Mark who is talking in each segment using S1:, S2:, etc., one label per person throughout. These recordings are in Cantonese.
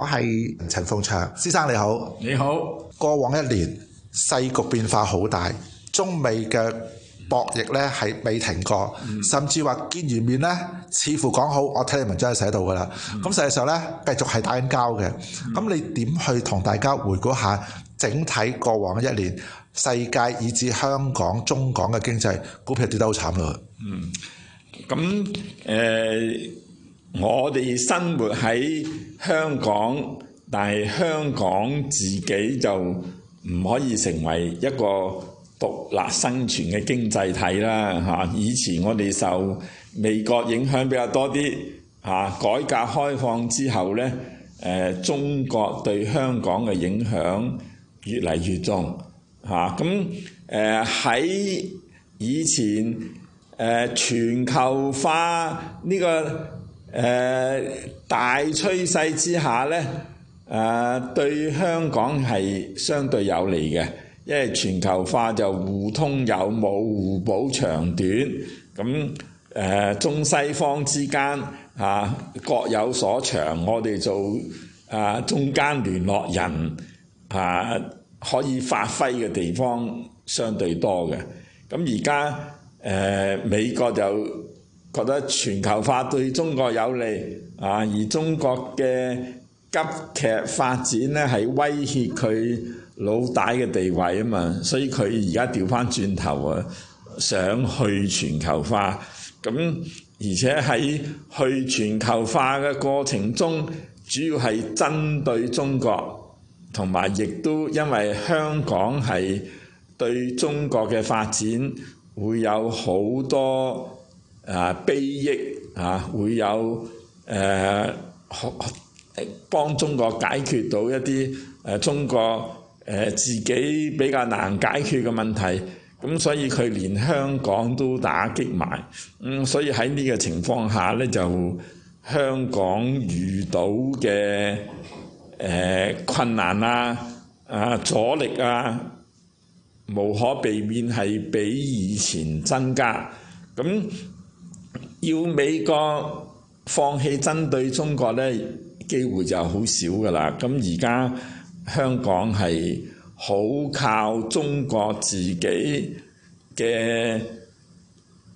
S1: 我係陳鳳翔，先生你好，你好。過往一年，世局變化好大，中美嘅博弈咧係未停過，甚至話見完面咧，似乎講好，我睇你文章係寫到噶啦。咁實際上咧，繼續係打緊交嘅。咁你點去同大家回顧下整體過往嘅一年，世界以至香港、中港嘅經濟股票跌得好慘咯。嗯，
S2: 咁誒。我哋生活喺香港，但係香港自己就唔可以成為一個獨立生存嘅經濟體啦嚇、啊。以前我哋受美國影響比較多啲嚇、啊，改革開放之後咧，誒、呃、中國對香港嘅影響越嚟越重嚇。咁誒喺以前誒、呃、全球化呢、這個。呃、大趨勢之下呢，誒、呃、對香港係相對有利嘅，因為全球化就互通有無，互補長短，咁誒、呃、中西方之間嚇、啊、各有所長，我哋做啊中間聯絡人嚇、啊、可以發揮嘅地方相對多嘅，咁而家誒美國就覺得全球化對中國有利啊，而中國嘅急劇發展呢係威脅佢老大嘅地位啊嘛，所以佢而家掉返轉頭啊，想去全球化。咁、啊、而且喺去全球化嘅過程中，主要係針對中國，同埋亦都因為香港係對中國嘅發展會有好多，啊悲益啊，會有誒、呃、幫中國解決到一啲誒、呃、中國誒、呃、自己比較難解決嘅問題，咁、嗯、所以佢連香港都打擊埋，咁、嗯、所以喺呢個情況下咧，就香港遇到嘅誒、呃、困難啊、啊阻力啊，無可避免係比以前增加，咁、嗯。要美國放棄針對中國咧，機會就好少㗎啦。咁而家香港係好靠中國自己嘅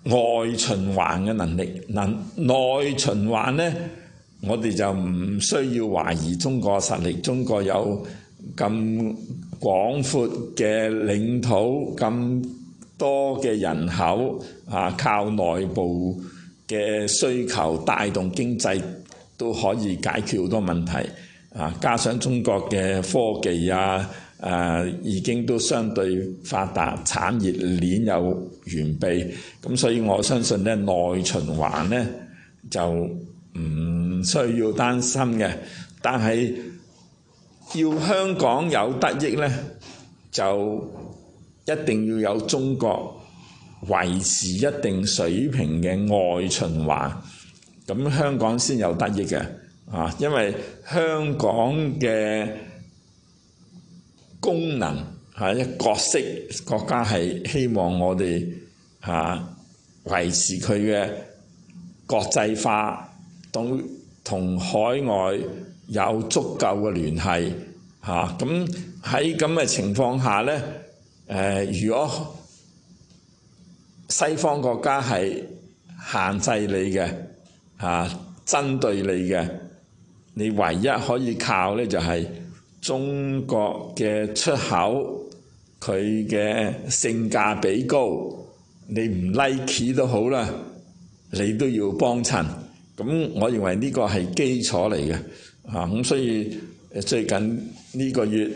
S2: 外循環嘅能力，能內循環咧，我哋就唔需要懷疑中國實力。中國有咁廣闊嘅領土，咁多嘅人口，啊，靠內部。嘅需求帶動經濟都可以解決好多問題，啊！加上中國嘅科技啊，誒已經都相對發達，產業鏈有完備，咁所以我相信咧內循環咧就唔需要擔心嘅，但係要香港有得益咧，就一定要有中國，維持一定水平嘅外循環，咁香港先有得益嘅啊！因為香港嘅功能係一角色，啊、國家係希望我哋嚇、啊、維持佢嘅國際化，都同海外有足夠嘅聯繫嚇。咁喺咁嘅情況下咧，誒、呃、如果西方國家係限制你嘅，嚇、啊、針對你嘅，你唯一可以靠咧就係中國嘅出口，佢嘅性價比高，你唔 like 都好啦，你都要幫襯，咁我認為呢個係基礎嚟嘅，嚇、啊、咁所以最近呢個月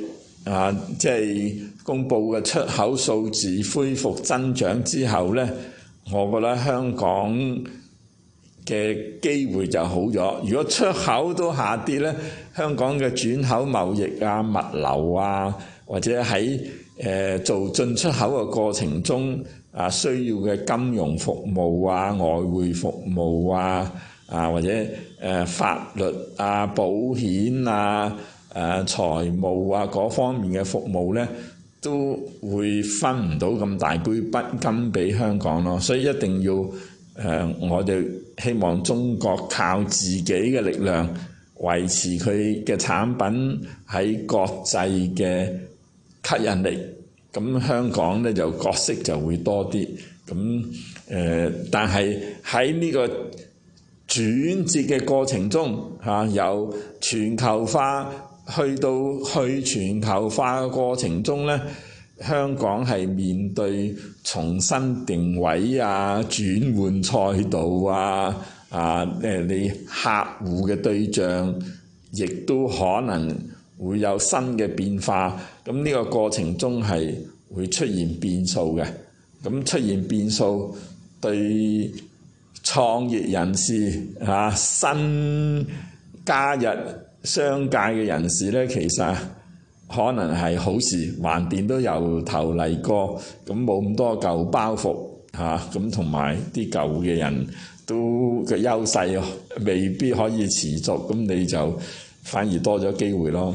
S2: 啊即係，就是公布嘅出口數字恢復增長之後咧，我覺得香港嘅機會就好咗。如果出口都下跌咧，香港嘅轉口貿易啊、物流啊，或者喺誒、呃、做進出口嘅過程中啊，需要嘅金融服務啊、外匯服務啊啊，或者誒、呃、法律啊、保險啊、誒、啊、財務啊嗰方面嘅服務咧。都會分唔到咁大杯不甘畀香港咯，所以一定要誒、呃，我哋希望中國靠自己嘅力量維持佢嘅產品喺國際嘅吸引力，咁香港咧就角色就會多啲，咁誒、呃，但係喺呢個轉折嘅過程中嚇、啊，由全球化。去到去全球化嘅過程中咧，香港係面對重新定位啊、轉換賽道啊、啊誒你客戶嘅對象，亦都可能會有新嘅變化。咁呢個過程中係會出現變數嘅。咁出現變數對創業人士啊，新加入。商界嘅人士咧，其實可能係好事，橫掂都由頭嚟過，咁冇咁多舊包袱嚇，咁同埋啲舊嘅人都嘅優勢啊，未必可以持續，咁你就反而多咗機會咯。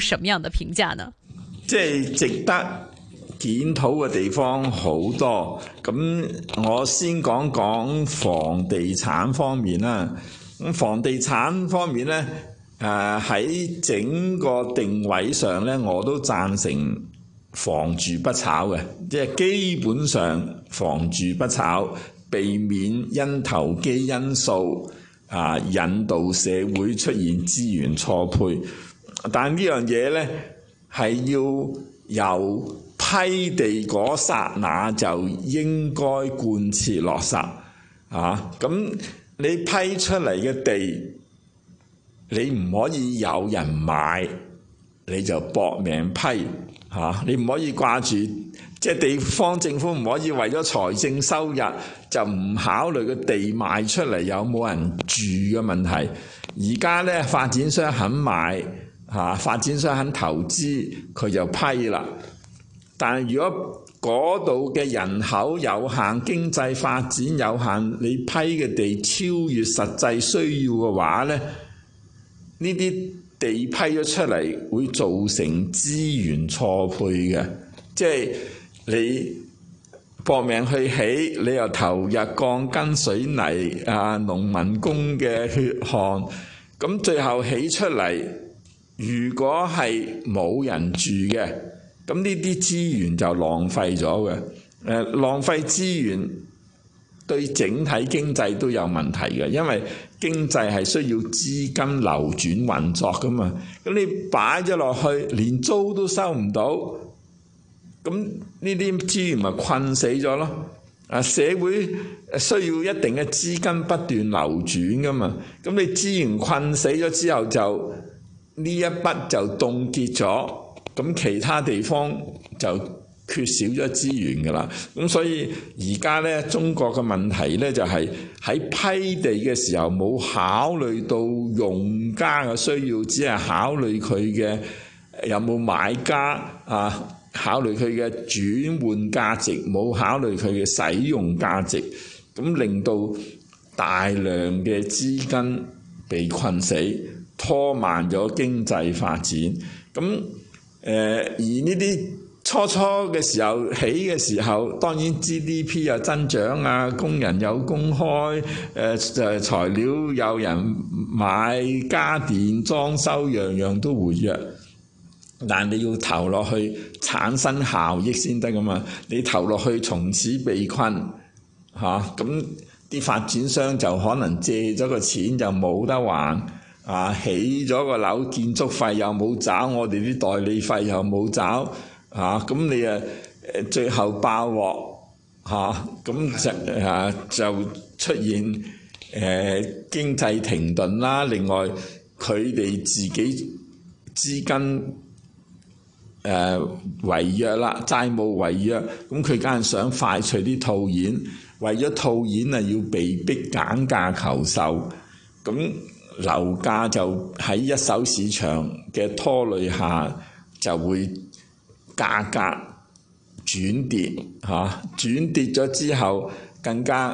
S1: 什麼樣的評價呢？
S2: 即係值得檢討嘅地方好多，咁我先講講房地產方面啦。房地產方面呢，誒、呃、喺整個定位上呢，我都贊成房住不炒嘅，即係基本上房住不炒，避免因投機因素啊、呃，引導社會出現資源錯配。但呢樣嘢咧係要由批地嗰剎那就應該貫徹落實啊！咁你批出嚟嘅地，你唔可以有人買，你就搏命批吓啊。你唔可以掛住即係地方政府唔可以為咗財政收入就唔考慮個地賣出嚟有冇人住嘅問題。而家咧，發展商肯買。嚇、啊、發展商肯投資，佢就批啦。但如果嗰度嘅人口有限，經濟發展有限，你批嘅地超越實際需要嘅話咧，呢啲地批咗出嚟會造成資源錯配嘅，即係你搏命去起，你又投入鋼筋水泥啊、農民工嘅血汗，咁最後起出嚟。如果係冇人住嘅，咁呢啲資源就浪費咗㗎。誒，浪費資源對整體經濟都有問題㗎，因為經濟係需要資金流轉運作㗎嘛。咁你擺咗落去，連租都收唔到，咁呢啲資源咪困死咗囉。啊，社會需要一定嘅資金不斷流轉㗎嘛。咁你資源困死咗之後就～呢一筆就凍結咗，咁其他地方就缺少咗資源㗎啦。咁所以而家咧，中國嘅問題咧就係喺批地嘅時候冇考慮到用家嘅需要，只係考慮佢嘅有冇買家啊，考慮佢嘅轉換價值，冇考慮佢嘅使用價值，咁令到大量嘅資金被困死。拖慢咗經濟發展，咁誒、呃、而呢啲初初嘅時候起嘅時候，當然 GDP 又增長啊，工人有工開，誒、呃、誒材料有人買，家電裝修樣樣都活躍。但你要投落去產生效益先得㗎嘛？你投落去從此被困嚇，咁、啊、啲發展商就可能借咗個錢就冇得還。啊！起咗個樓，建築費又冇找，我哋啲代理費又冇找，嚇、啊、咁你誒誒最後爆鑊嚇咁、啊、就嚇、啊、就出現誒、啊、經濟停頓啦。另外佢哋自己資金誒、啊、違約啦，債務違約，咁佢梗係想快除啲套現，為咗套現啊，要被逼減價求售，咁。樓價就喺一手市場嘅拖累下，就會價格轉跌嚇，轉跌咗之後，更加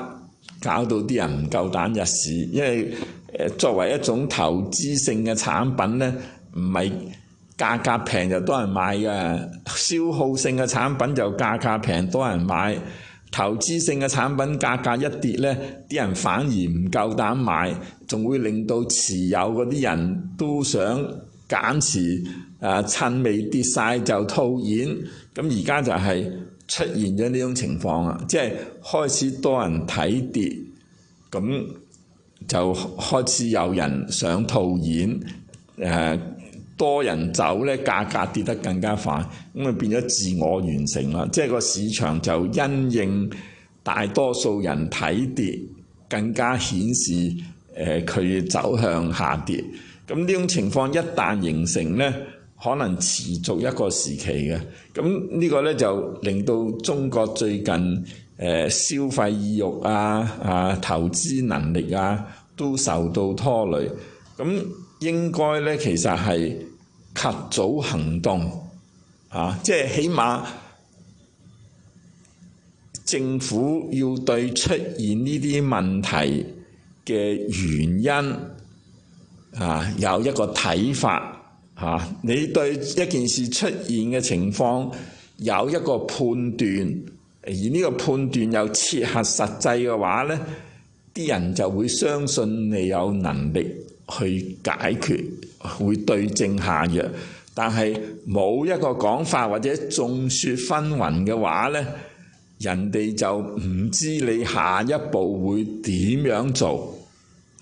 S2: 搞到啲人唔夠膽入市，因為作為一種投資性嘅產品呢，唔係價格平就多人買嘅，消耗性嘅產品就價格平多人買，投資性嘅產品價格一跌呢啲人反而唔夠膽買。仲會令到持有嗰啲人都想減持，啊，趁未跌晒，就套現。咁而家就係出現咗呢種情況啦，即係開始多人睇跌，咁就開始有人想套現，誒，多人走咧，價格跌得更加快，咁啊變咗自我完成啦。即係個市場就因應大多數人睇跌，更加顯示。佢、呃、走向下跌，咁呢種情況一旦形成呢，可能持續一個時期嘅。咁呢個呢，就令到中國最近、呃、消費意欲啊、啊投資能力啊都受到拖累。咁應該呢，其實係及早行動，啊，即係起碼政府要對出現呢啲問題嘅原因啊，有一個睇法嚇，啊，你對一件事出現嘅情況有一個判斷，而呢個判斷又切合實際嘅話呢，啲人就會相信你有能力去解決，會對症下藥。但係冇一個講法或者眾説紛紜嘅話呢，人哋就唔知你下一步會點樣做。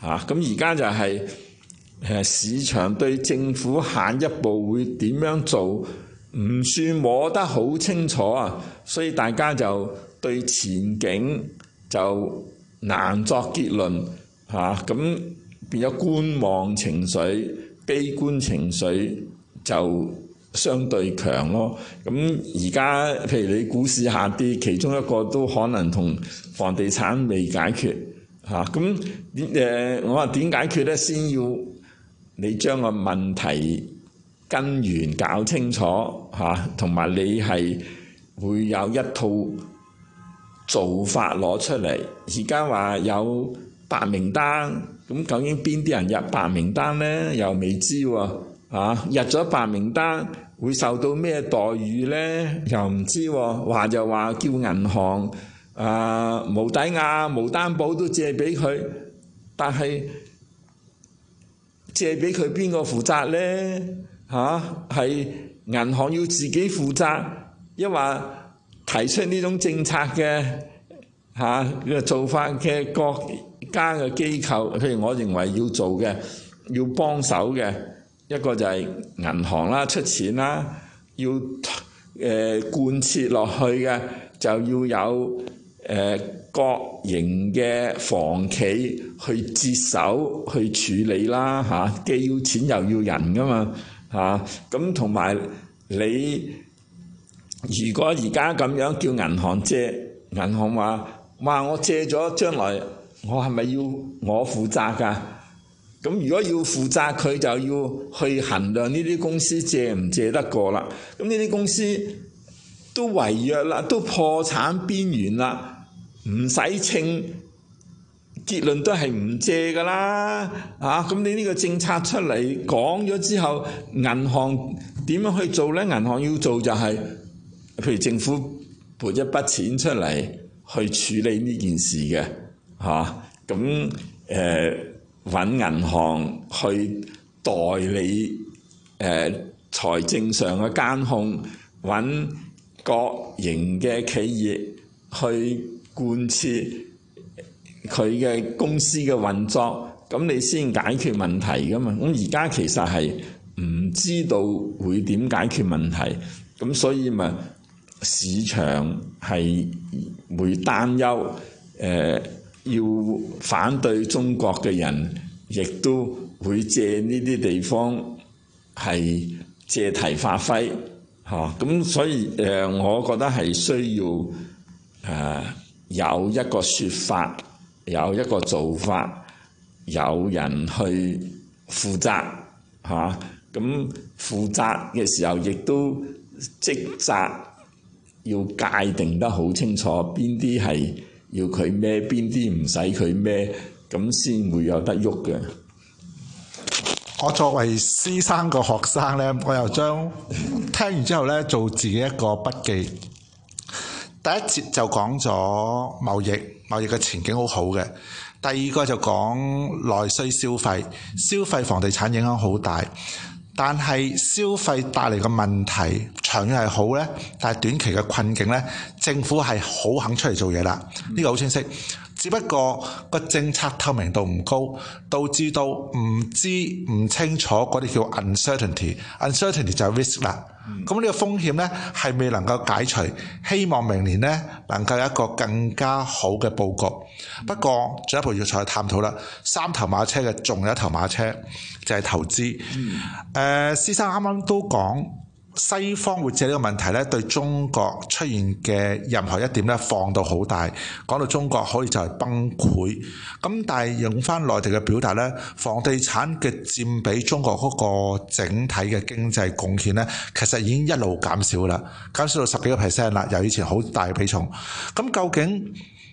S2: 啊，咁而家就係市場對政府下一步會點樣做，唔算摸得好清楚啊，所以大家就對前景就難作結論嚇。咁變咗觀望情緒、悲觀情緒就相對強咯。咁而家譬如你股市下跌，其中一個都可能同房地產未解決。嚇！咁點、啊呃、我話點解決咧？先要你將個問題根源搞清楚嚇，同、啊、埋你係會有一套做法攞出嚟。而家話有白名單，咁究竟邊啲人入白名單咧？又未知喎、啊啊，入咗白名單會受到咩待遇咧？又唔知喎、啊，話就話叫銀行。啊，無抵押、無擔保都借畀佢，但係借畀佢邊個負責咧？嚇、啊，係銀行要自己負責，抑或提出呢種政策嘅嚇、啊，做法嘅國家嘅機構，譬如我認為要做嘅，要幫手嘅一個就係銀行啦，出錢啦，要誒、呃、貫徹落去嘅就要有。誒、呃、國營嘅房企去接手去處理啦嚇、啊，既要錢又要人噶嘛嚇，咁同埋你如果而家咁樣叫銀行借，銀行話，哇，我借咗，將來我係咪要我負責㗎、啊？咁如果要負責，佢就要去衡量呢啲公司借唔借得過啦。咁呢啲公司都違約啦，都破產邊緣啦。唔使稱結論都係唔借㗎啦嚇，咁、啊、你呢個政策出嚟講咗之後，銀行點樣去做咧？銀行要做就係、是，譬如政府撥一筆錢出嚟去處理呢件事嘅嚇，咁誒揾銀行去代理誒、呃、財政上嘅監控，揾國營嘅企業去。貫徹佢嘅公司嘅運作，咁你先解決問題㗎嘛？咁而家其實係唔知道會點解決問題，咁所以咪市場係會擔憂，誒、呃、要反對中國嘅人，亦都會借呢啲地方係借題發揮，嚇、啊、咁所以誒、呃，我覺得係需要誒。呃有一個說法，有一個做法，有人去負責嚇，咁、啊、負責嘅時候亦都職責要界定得好清楚，邊啲係要佢孭，邊啲唔使佢孭，咁先
S1: 會有得喐嘅。我作為師生個學生咧，我又將聽完之後咧做自己一個筆記。第一節就講咗貿易，貿易嘅前景好好嘅。第二個就講內需消費，消費、房地產影響好大。但係消費帶嚟嘅問題，長遠係好咧，但係短期嘅困境咧，政府係好肯出嚟做嘢啦。呢、嗯、個好清晰，只不過個政策透明度唔高，導致到唔知唔清楚嗰啲叫 uncertainty，uncertainty 就係 risk 啦。咁呢、嗯、個風險咧係未能夠解除，希望明年咧能夠有一個更加好嘅佈局。嗯、不過，仲有一步要去探討啦，三頭馬車嘅仲有一頭馬車就係、是、投資。誒、嗯，施、呃、生啱啱都講。西方會借呢個問題咧，對中國出現嘅任何一點咧，放到好大，講到中國可以就係崩潰。咁但係用翻內地嘅表達咧，房地產嘅佔比中國嗰個整體嘅經濟貢獻咧，其實已經一路減少啦，減少到十幾個 percent 啦，由以前好大嘅比重。咁究竟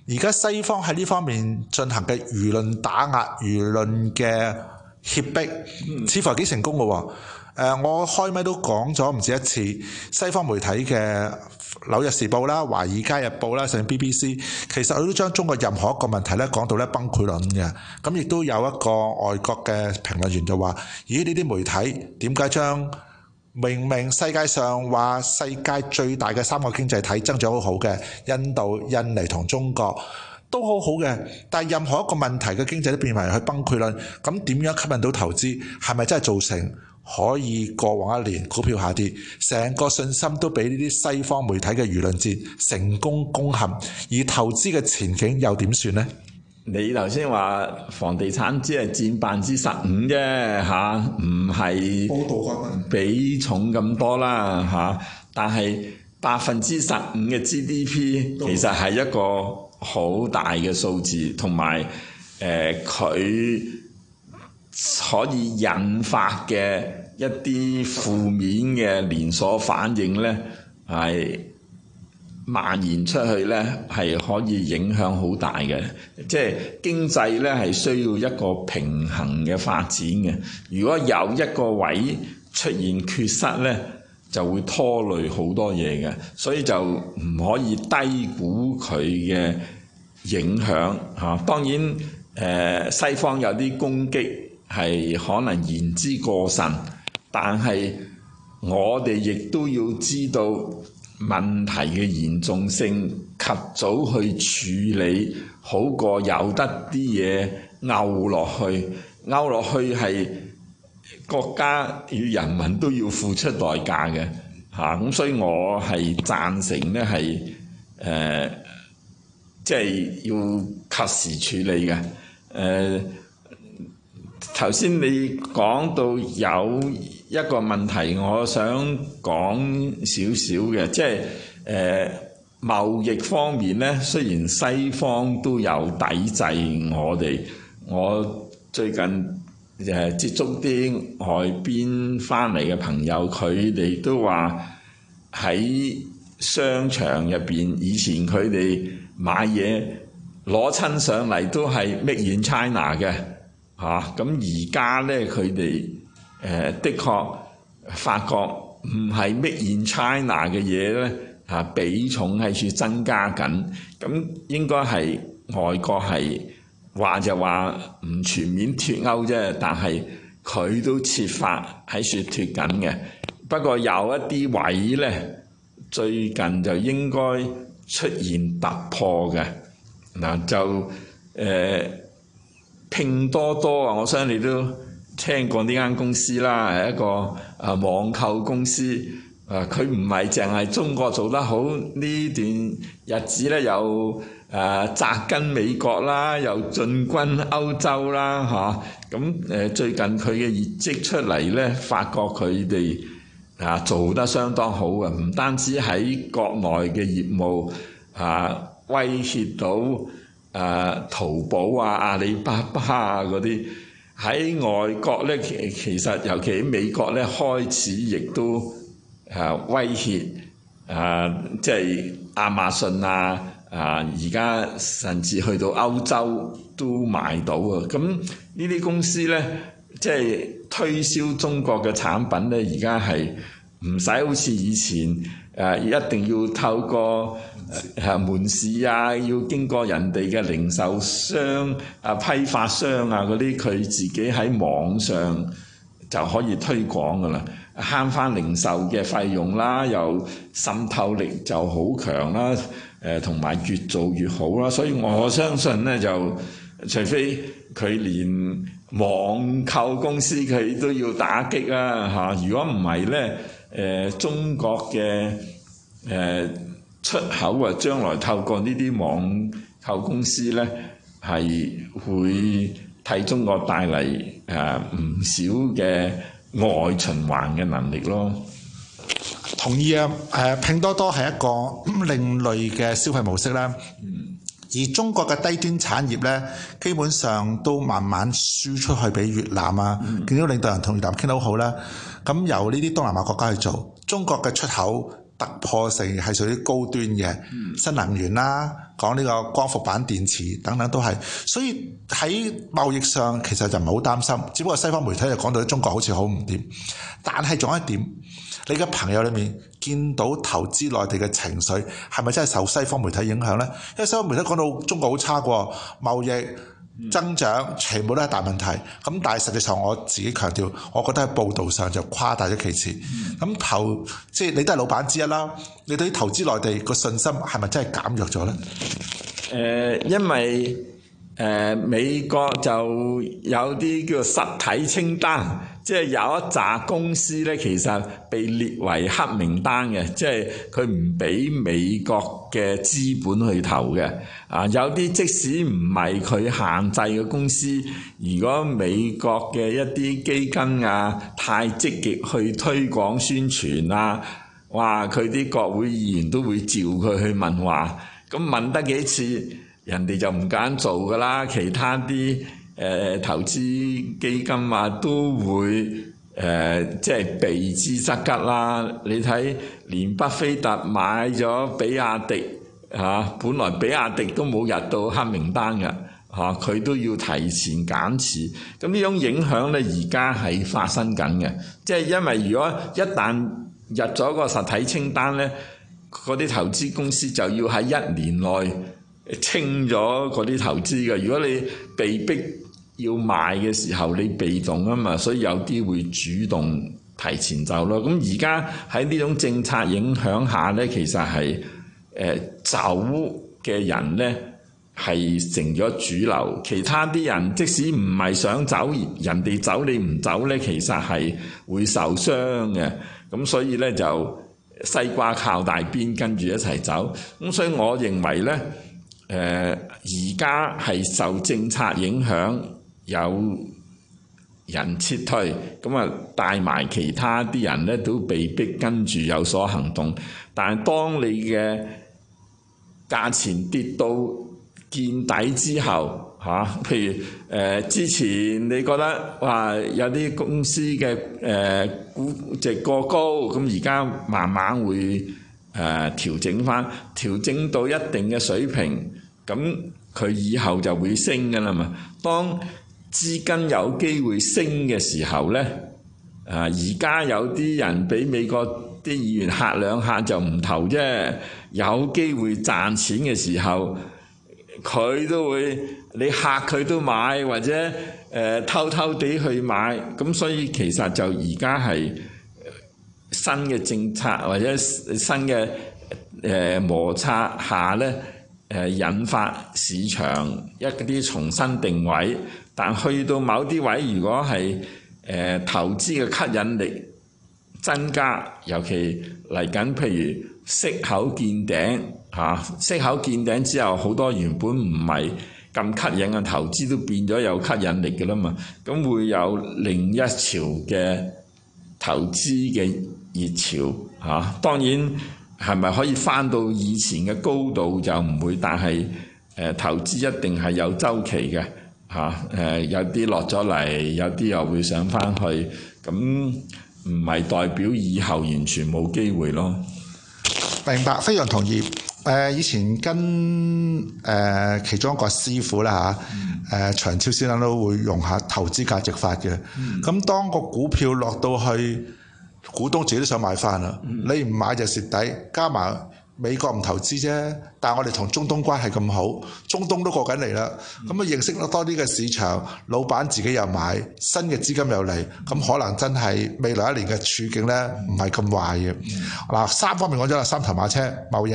S1: 而家西方喺呢方面進行嘅輿論打壓、輿論嘅脅迫，似乎幾成功嘅喎。誒、呃，我開咪都講咗唔止一次，西方媒體嘅《紐約時報》啦，《華爾街日報》啦，甚至 B B C，其實佢都將中國任何一個問題咧講到咧崩潰論嘅。咁亦都有一個外國嘅評論員就話，咦，呢啲媒體點解將明明世界上話世界最大嘅三個經濟體增長好好嘅，印度、印尼同中國都好好嘅，但係任何一個問題嘅經濟都變為去崩潰論？咁點樣吸引到投資？係咪真係造成？可以過往一年股票下跌，成個信心都俾呢啲西方媒體嘅輿論戰成功攻陷，而投資嘅前景又點算呢？你頭先話房地
S2: 產只係佔百分之十五啫，嚇，唔係比重咁多啦，嚇。但係百分之十五嘅 GDP 其實係一個好大嘅數字，同埋誒佢可以引發嘅。一啲負面嘅連鎖反應呢，係蔓延出去呢，係可以影響好大嘅。即係經濟呢，係需要一個平衡嘅發展嘅。如果有一個位出現缺失呢，就會拖累好多嘢嘅。所以就唔可以低估佢嘅影響嚇、啊。當然，誒、呃、西方有啲攻擊係可能言之過甚。但係我哋亦都要知道問題嘅嚴重性，及早去處理好過有得啲嘢拗落去，拗落去係國家與人民都要付出代價嘅，嚇、啊！咁所以我係贊成呢係誒，即係、呃就是、要及時處理嘅。誒、呃，頭先你講到有一個問題，我想講少少嘅，即係誒、呃、貿易方面咧。雖然西方都有抵制我哋，我最近誒、呃、接觸啲外邊翻嚟嘅朋友，佢哋都話喺商場入邊，以前佢哋買嘢攞親上嚟都係 Made in China 嘅嚇，咁而家咧佢哋。誒、呃、的確發覺唔係 Made in China 嘅嘢咧，嚇比重喺處增加緊。咁應該係外國係話就話唔全面脱歐啫，但係佢都設法喺處脱緊嘅。不過有一啲位咧，最近就應該出現突破嘅嗱、呃，就誒拼、呃、多多啊，我相信你都聽過呢間公司啦，係一個啊網購公司。啊，佢唔係淨係中國做得好，呢段日子咧又啊扎根美國啦，又進軍歐洲啦，嚇、啊。咁、啊、誒最近佢嘅業績出嚟咧，發覺佢哋啊做得相當好嘅，唔單止喺國內嘅業務啊威脅到啊淘寶啊阿里巴巴啊嗰啲。喺外國咧，其其實尤其喺美國咧，開始亦都呃威脅，呃、呃、即係亞馬遜啊，啊而家甚至去到歐洲都買到啊，咁呢啲公司咧，即係推銷中國嘅產品咧，而家係唔使好似以前。一定要透過誒門市啊，要經過人哋嘅零售商、啊批發商啊嗰啲，佢自己喺網上就可以推廣㗎喇，慳返零售嘅費用啦，又滲透力就好強啦，同埋越做越好啦，所以我相信呢，就除非佢連網購公司佢都要打擊啊吓，如果唔係呢。誒中國嘅誒出口啊，將來透過呢啲網購公司咧，係會替中國帶嚟誒唔少嘅外循環嘅能力咯。
S1: 同意啊！誒，拼多多係一個另類嘅消費模式啦。而中國嘅低端產業咧，基本上都慢慢輸出去俾越南啊，見到、mm hmm. 領導人同越南傾得好啦。咁由呢啲東南亞國家去做，中國嘅出口突破性係屬於高端嘅，新能源啦、啊，講呢個光伏板電池等等都係。所以喺貿易上其實就唔係好擔心，只不過西方媒體就講到中國好似好唔掂。但係仲有一點，你嘅朋友裡面。見到投資內地嘅情緒係咪真係受西方媒體影響呢？因為西方媒體講到中國好差㗎喎，貿易增長全部都係大問題。咁、嗯、但係實際上我自己強調，我覺得喺報導上就誇大咗其詞。咁、嗯、投即係你都係老闆之一啦，你對於投資內地個信心係咪真係減弱咗呢？
S2: 誒、呃，因為誒、呃、美國就有啲叫實體清單。嗯即係有一紮公司咧，其實被列為黑名單嘅，即係佢唔畀美國嘅資本去投嘅。啊，有啲即使唔係佢限制嘅公司，如果美國嘅一啲基金啊太積極去推廣宣傳啦、啊，哇！佢啲國會議員都會照佢去問話，咁問得幾次，人哋就唔敢做㗎啦。其他啲。誒投資基金啊，都會誒、呃、即係避之則吉啦。你睇連巴菲特買咗比亞迪嚇、啊，本來比亞迪都冇入到黑名單嘅嚇，佢、啊、都要提前減持。咁呢種影響咧，而家係發生緊嘅。即係因為如果一旦入咗個實體清單咧，嗰啲投資公司就要喺一年內清咗嗰啲投資嘅。如果你被逼，要賣嘅時候，你被動啊嘛，所以有啲會主動提前走咯。咁而家喺呢種政策影響下咧，其實係誒、呃、走嘅人咧係成咗主流，其他啲人即使唔係想走，人哋走你唔走咧，其實係會受傷嘅。咁所以咧就西瓜靠大邊，跟住一齊走。咁所以我認為咧，誒而家係受政策影響。有人撤退，咁啊帶埋其他啲人咧都被逼跟住有所行動。但係當你嘅價錢跌到見底之後，嚇，譬如誒之前你覺得話有啲公司嘅誒估值過高，咁而家慢慢會誒調整翻，調整到一定嘅水平，咁佢以後就會升㗎啦嘛。當資金有機會升嘅時候呢，啊，而家有啲人畀美國啲議員嚇兩嚇就唔投啫。有機會賺錢嘅時候，佢都會你嚇佢都買，或者、呃、偷偷地去買。咁所以其實就而家係新嘅政策或者新嘅誒摩擦下呢，誒、呃、引發市場一啲重新定位。但去到某啲位，如果係誒、呃、投資嘅吸引力增加，尤其嚟緊，譬如息口見頂吓、啊，息口見頂之後，好多原本唔係咁吸引嘅投資都變咗有吸引力嘅啦嘛。咁會有另一潮嘅投資嘅熱潮吓、啊，當然係咪可以翻到以前嘅高度就唔會，但係誒、呃、投資一定係有週期嘅。嚇，誒有啲落咗嚟，有啲又會上翻去，咁唔係代表以後
S1: 完全冇機會咯。明白，非常同意。誒、呃、以前跟誒、呃、其中一個師傅啦嚇，誒、啊嗯呃、長超先生都會用下投資價值法嘅。咁、嗯、當個股票落到去，股東自己都想買翻啦。嗯、你唔買就蝕底，加埋。美國唔投資啫，但係我哋同中東關係咁好，中東都過緊嚟啦。咁啊，認識得多啲嘅市場，老闆自己又買，新嘅資金又嚟，咁可能真係未來一年嘅處境呢，唔係咁壞嘅。嗱，三方面講咗啦，三頭馬車：貿易、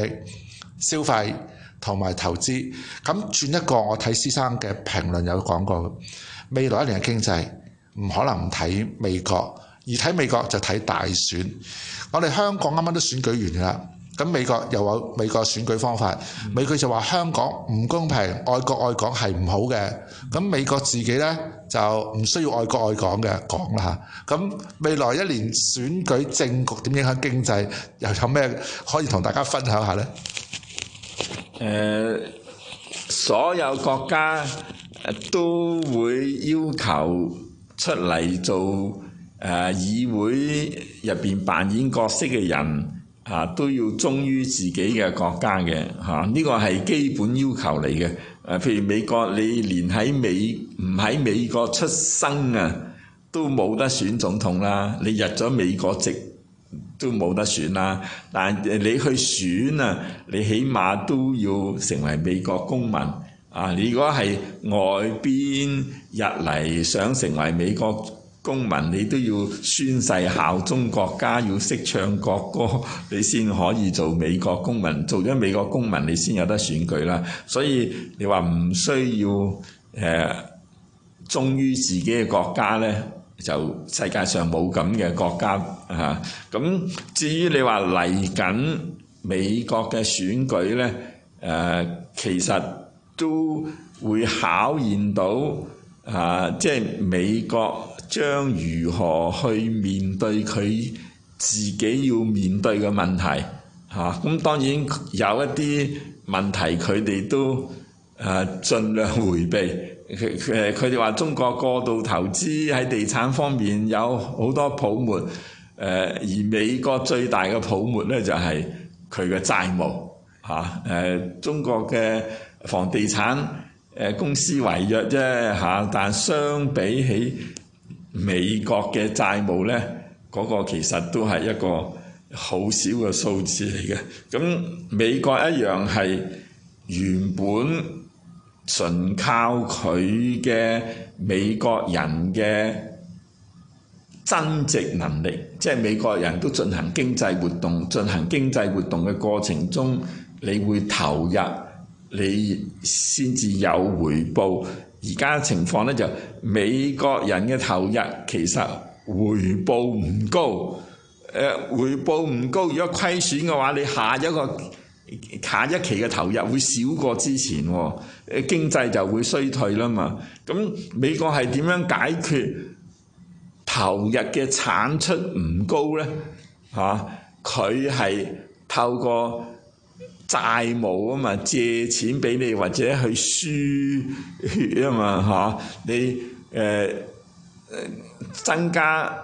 S1: 消費同埋投資。咁轉一個，我睇施先生嘅評論有講過，未來一年嘅經濟唔可能唔睇美國，而睇美國就睇大選。我哋香港啱啱都選舉完啦。咁美國又有美國選舉方法，美國就話香港唔公平，愛國愛港係唔好嘅。咁美國自己咧就唔需要愛國愛港嘅講啦。咁未來一年選舉政局點影響經濟，又有咩可以同大家分享下咧？誒、呃，
S2: 所有國家都會要求出嚟做誒、呃、議會入邊扮演角色嘅人。嚇都要忠於自己嘅國家嘅嚇，呢、啊這個係基本要求嚟嘅。誒、啊，譬如美國，你連喺美唔喺美國出生啊，都冇得選總統啦。你入咗美國籍都冇得選啦。但係你去選啊，你起碼都要成為美國公民。啊，你如果係外邊入嚟想成為美國公民，你都要宣誓效忠國家，要識唱國歌，你先可以做美國公民。做咗美國公民，你先有得選舉啦。所以你話唔需要誒忠於自己嘅國家咧，就世界上冇咁嘅國家嚇。咁至於你話嚟緊美國嘅選舉咧，誒其實都會考驗到啊，即係美國。將如何去面對佢自己要面對嘅問題嚇？咁、啊、當然有一啲問題，佢哋都誒盡量迴避。佢哋話中國過度投資喺地產方面有好多泡沫、啊、而美國最大嘅泡沫呢就，就係佢嘅債務嚇。誒、啊、中國嘅房地產公司違約啫嚇、啊，但相比起，美國嘅債務呢，嗰個其實都係一個好少嘅數字嚟嘅。咁美國一樣，係原本純靠佢嘅美國人嘅增值能力，即係美國人都進行經濟活動，進行經濟活動嘅過程中，你會投入，你先至有回報。而家情況咧就美國人嘅投入其實回報唔高，誒、呃、回報唔高，如果虧損嘅話，你下一個下一期嘅投入會少過之前喎，誒經濟就會衰退啦嘛。咁美國係點樣解決投入嘅產出唔高咧？嚇、啊，佢係透過。債務啊嘛，借錢畀你或者去輸血嘛啊嘛嚇，你誒、呃呃、增加，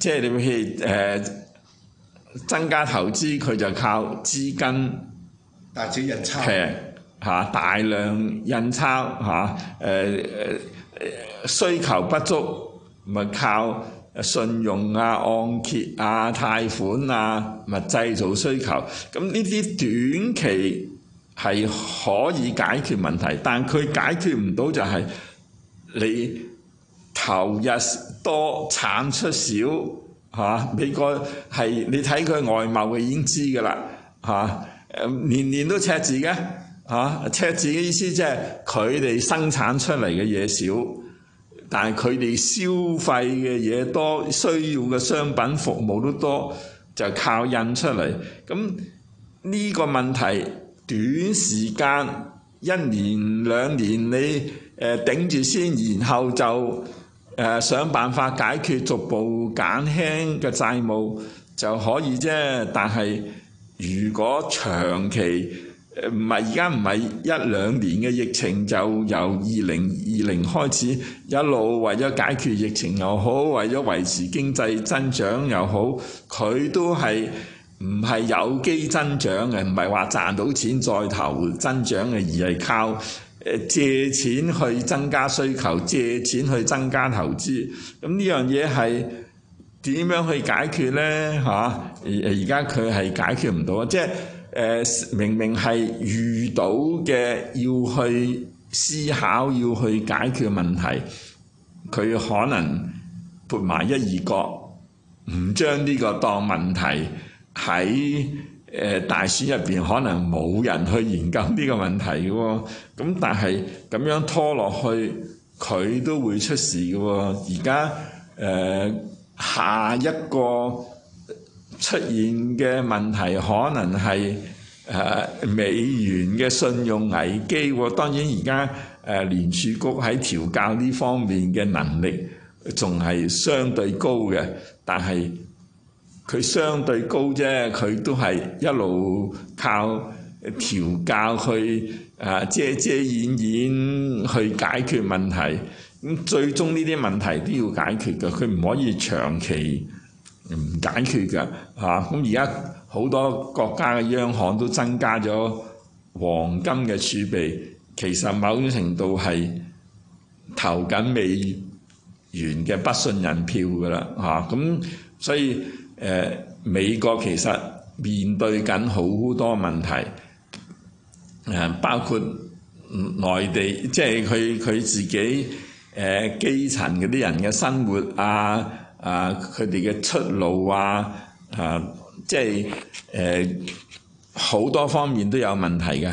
S2: 即係你譬如增加投資佢就靠資金，係啊嚇大量印鈔，嚇誒誒需求不足咪靠。信用啊、按揭啊、貸款啊，咪製造需求。咁呢啲短期係可以解決問題，但佢解決唔到就係你投入多產出少嚇、啊。美國係你睇佢外貿，佢已經知㗎啦嚇。年年都赤字嘅嚇、啊，赤字嘅意思即係佢哋生產出嚟嘅嘢少。但係佢哋消費嘅嘢多，需要嘅商品服務都多，就靠印出嚟。咁呢個問題短時間一年兩年你誒頂住先，然後就誒、呃、想辦法解決，逐步減輕嘅債務就可以啫。但係如果長期，唔係，而家唔係一兩年嘅疫情，就由二零二零開始一路為咗解決疫情又好，為咗維持經濟增長又好，佢都係唔係有機增長嘅，唔係話賺到錢再投增長嘅，而係靠借錢去增加需求，借錢去增加投資。咁呢樣嘢係點樣去解決咧？嚇，而家佢係解決唔到啊！即係。呃、明明係遇到嘅，要去思考，要去解決問題。佢可能撥埋一二角，唔將呢個當問題喺誒、呃、大選入邊，可能冇人去研究呢個問題嘅喎、哦。咁但係咁樣拖落去，佢都會出事嘅喎、哦。而家誒下一個。出現嘅問題可能係誒、呃、美元嘅信用危機，呃、當然而家誒聯儲局喺調校呢方面嘅能力仲係相對高嘅，但係佢相對高啫，佢都係一路靠調校去誒、呃、遮遮掩掩掩去解決問題，咁、嗯、最終呢啲問題都要解決嘅，佢唔可以長期唔解決㗎嚇，咁而家好多國家嘅央行都增加咗黃金嘅儲備，其實某種程度係投緊美元嘅不信任票㗎啦嚇，咁、啊、所以誒、呃、美國其實面對緊好多問題，啊，包括內地，即係佢佢自己誒、呃、基層嗰啲人嘅生活啊。啊！佢哋嘅出路啊，啊，即係誒好多方面都有問題嘅。誒、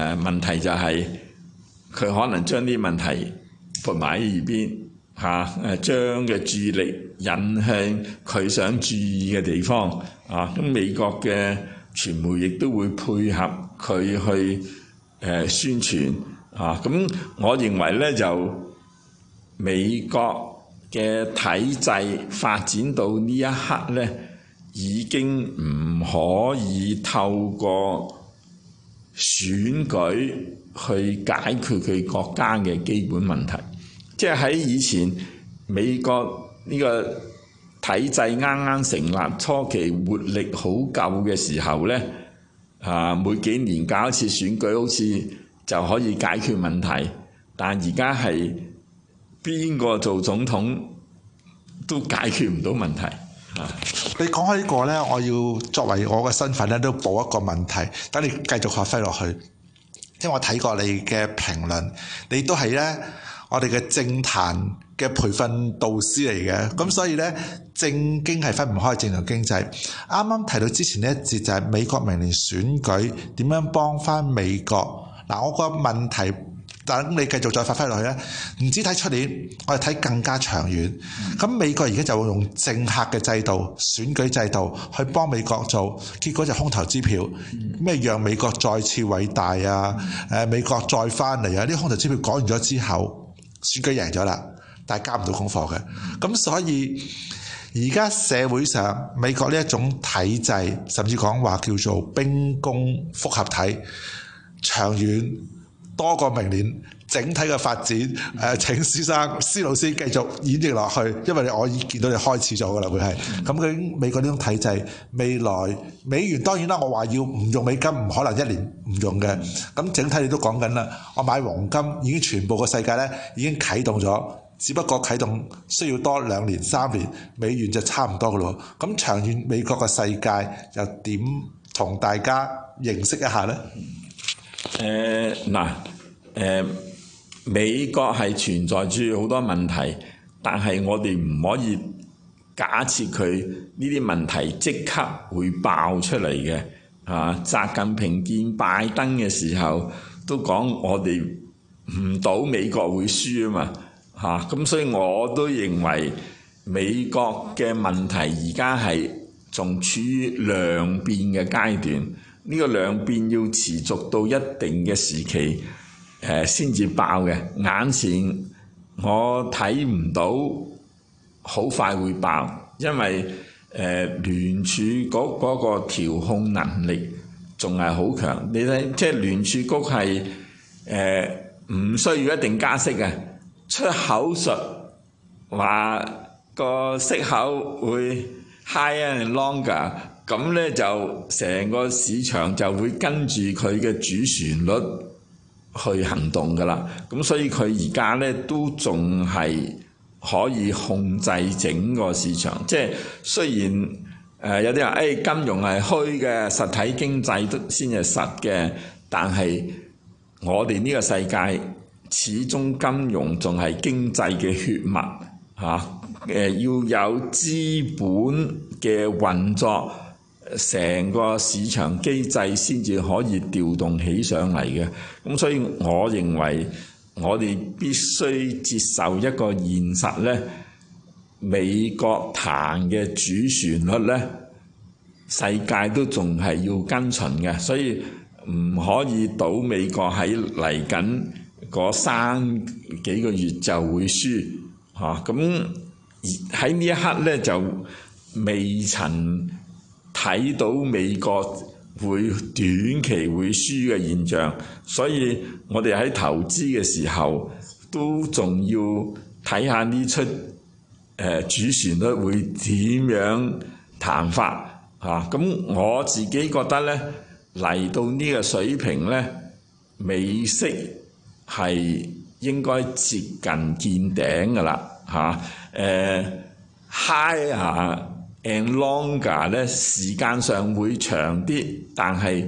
S2: 啊、問題就係、是、佢可能將啲問題撥埋喺二邊一邊吓，誒、啊啊、將個注意力引向佢想注意嘅地方啊。咁、嗯、美國嘅傳媒亦都會配合佢去誒、呃、宣傳啊。咁、嗯、我認為咧就美國。嘅體制發展到呢一刻咧，已經唔可以透過選舉去解決佢國家嘅基本問題。即係喺以前美國呢個體制啱啱成立初期，活力好夠嘅時候咧，啊，每幾年搞一次選舉好似就可以解決問題，但而家係。邊個做總統都解決唔到問題
S1: 嚇？ 你講開呢個呢，我要作為我嘅身份咧，都補一個問題，等你繼續發揮落去。因為我睇過你嘅評論，你都係呢，我哋嘅政壇嘅培訓導師嚟嘅，咁、嗯、所以呢，政經係分唔開政治經濟。啱啱提到之前呢一節就係美國明年選舉點樣幫翻美國嗱，我個問題，但你繼續再發揮落去咧，唔止睇出年，我哋睇更加長遠。咁美國而家就會用政客嘅制度、選舉制度去幫美國做，結果就空頭支票。咩讓美國再次偉大啊？誒、啊，美國再翻嚟啊！啲空頭支票改完咗之後，選舉贏咗啦，但係交唔到功課嘅。咁所以而家社會上美國呢一種體制，甚至講話叫做兵工複合體，長遠。多過明年整體嘅發展，誒、呃、請先生、施老師繼續演繹落去，因為我已經見到你開始咗噶啦，會係咁。佢究竟美國呢種體制，未來美元當然啦，我話要唔用美金，唔可能一年唔用嘅。咁整體你都講緊啦，我買黃金已經全部個世界咧已經啟動咗，只不過啟動需要多兩年、三年，美元就差唔多噶啦。咁長遠美國嘅世界又點同大家認識一下呢？
S2: 誒嗱，誒、呃呃呃、美國係存在住好多問題，但係我哋唔可以假設佢呢啲問題即刻會爆出嚟嘅。啊，習近平見拜登嘅時候都講，我哋唔賭美國會輸啊嘛。嚇，咁所以我都認為美國嘅問題而家係仲處於量變嘅階段。呢個兩邊要持續到一定嘅時期，誒先至爆嘅。眼前我睇唔到好快會爆，因為誒聯儲局嗰個調控能力仲係好強。你睇，即係聯儲局係誒唔需要一定加息嘅。出口術話個息口會 higher and longer。咁咧就成個市場就會跟住佢嘅主旋律去行動㗎啦。咁所以佢而家咧都仲係可以控制整個市場即。即係雖然誒、呃、有啲人誒、哎、金融係虛嘅，實體經濟先係實嘅。但係我哋呢個世界始終金融仲係經濟嘅血脈嚇誒，要有資本嘅運作。成個市場機制先至可以調動起上嚟嘅，咁所以我認為我哋必須接受一個現實呢，美國彈嘅主旋律呢，世界都仲係要跟循嘅，所以唔可以倒美國喺嚟緊嗰三幾個月就會輸吓。咁喺呢一刻呢就未曾，睇到美國會短期會輸嘅現象，所以我哋喺投資嘅時候都仲要睇下呢出、呃、主旋律會點樣彈法嚇。咁、啊、我自己覺得呢嚟到呢個水平呢，美息係應該接近見頂噶啦嚇。嗨、啊，下、呃。And longer 咧時間上會長啲，但係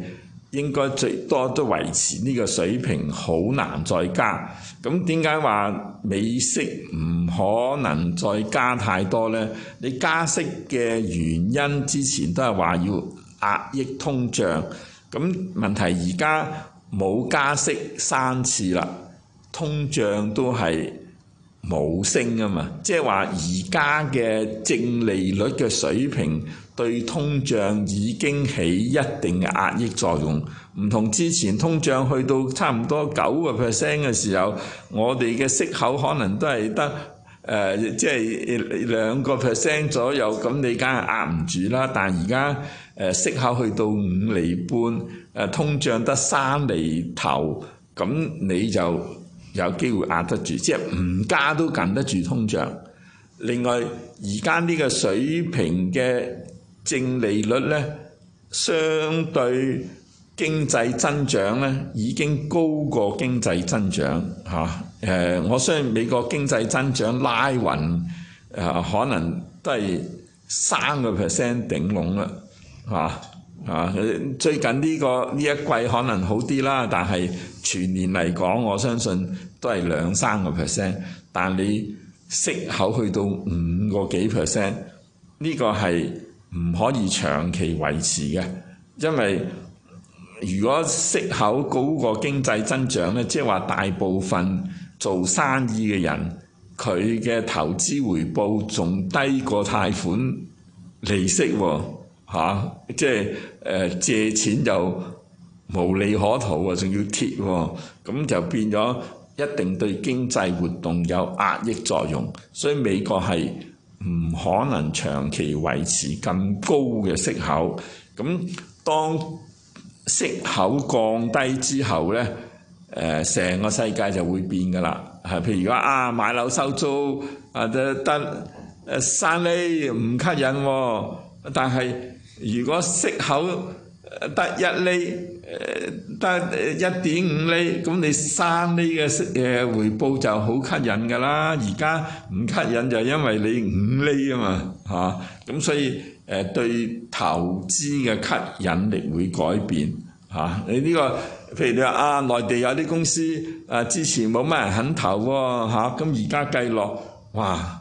S2: 應該最多都維持呢個水平，好難再加。咁點解話美息唔可能再加太多咧？你加息嘅原因之前都係話要壓抑通脹，咁問題而家冇加息三次啦，通脹都係，冇升啊嘛，即係話而家嘅正利率嘅水平對通脹已經起一定嘅壓抑作用，唔同之前通脹去到差唔多九個 percent 嘅時候，我哋嘅息口可能都係得誒、呃、即係兩個 percent 左右，咁你梗係壓唔住啦。但係而家誒息口去到五厘半，誒、呃、通脹得三厘頭，咁你就～有機會壓得住，即係唔加都緊得住通脹。另外，而家呢個水平嘅淨利率咧，相對經濟增長咧已經高過經濟增長嚇。誒、啊呃，我相信美國經濟增長拉勻誒、啊，可能都係三個 percent 頂籠啦，係、啊啊！最近呢個呢一季可能好啲啦，但係全年嚟講，我相信都係兩三個 percent。但你息口去到五個幾 percent，呢個係唔可以長期維持嘅，因為如果息口高過經濟增長咧，即係話大部分做生意嘅人佢嘅投資回報仲低過貸款利息喎、啊。嚇、啊！即係誒、呃、借錢就無利可圖啊，仲要貼喎，咁就變咗一定對經濟活動有壓抑作用。所以美國係唔可能長期維持咁高嘅息口。咁、啊、當息口降低之後咧，誒、啊、成個世界就會變㗎啦。係譬如而家啊買樓收租啊得得誒生利唔吸引、啊、但係。如果息口得一厘，得一點五厘，咁你三厘嘅息誒、呃、回報就好吸引噶啦。而家唔吸引就因為你五厘啊嘛，嚇、啊。咁所以誒、呃、對投資嘅吸引力會改變嚇、啊。你呢、這個譬如你話啊，內地有啲公司啊，之前冇乜人肯投喎、啊，嚇、啊。咁而家計落，哇！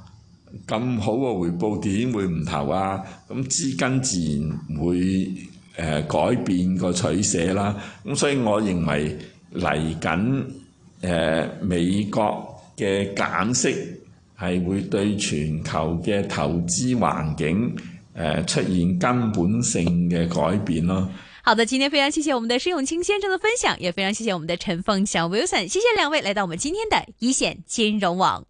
S2: 咁好嘅、啊、回報點會唔投啊？咁資金自然會誒、呃、改變個取捨啦。咁、呃、所以我認為嚟緊誒美國嘅減息係會對全球嘅投資環境誒、呃、出現根本性嘅改變咯。
S1: 好的，今天非常謝謝我們的施永青先生嘅分享，也非常謝謝我們的陳鳳翔 Wilson，謝謝兩位來到我們今天的一線金融網。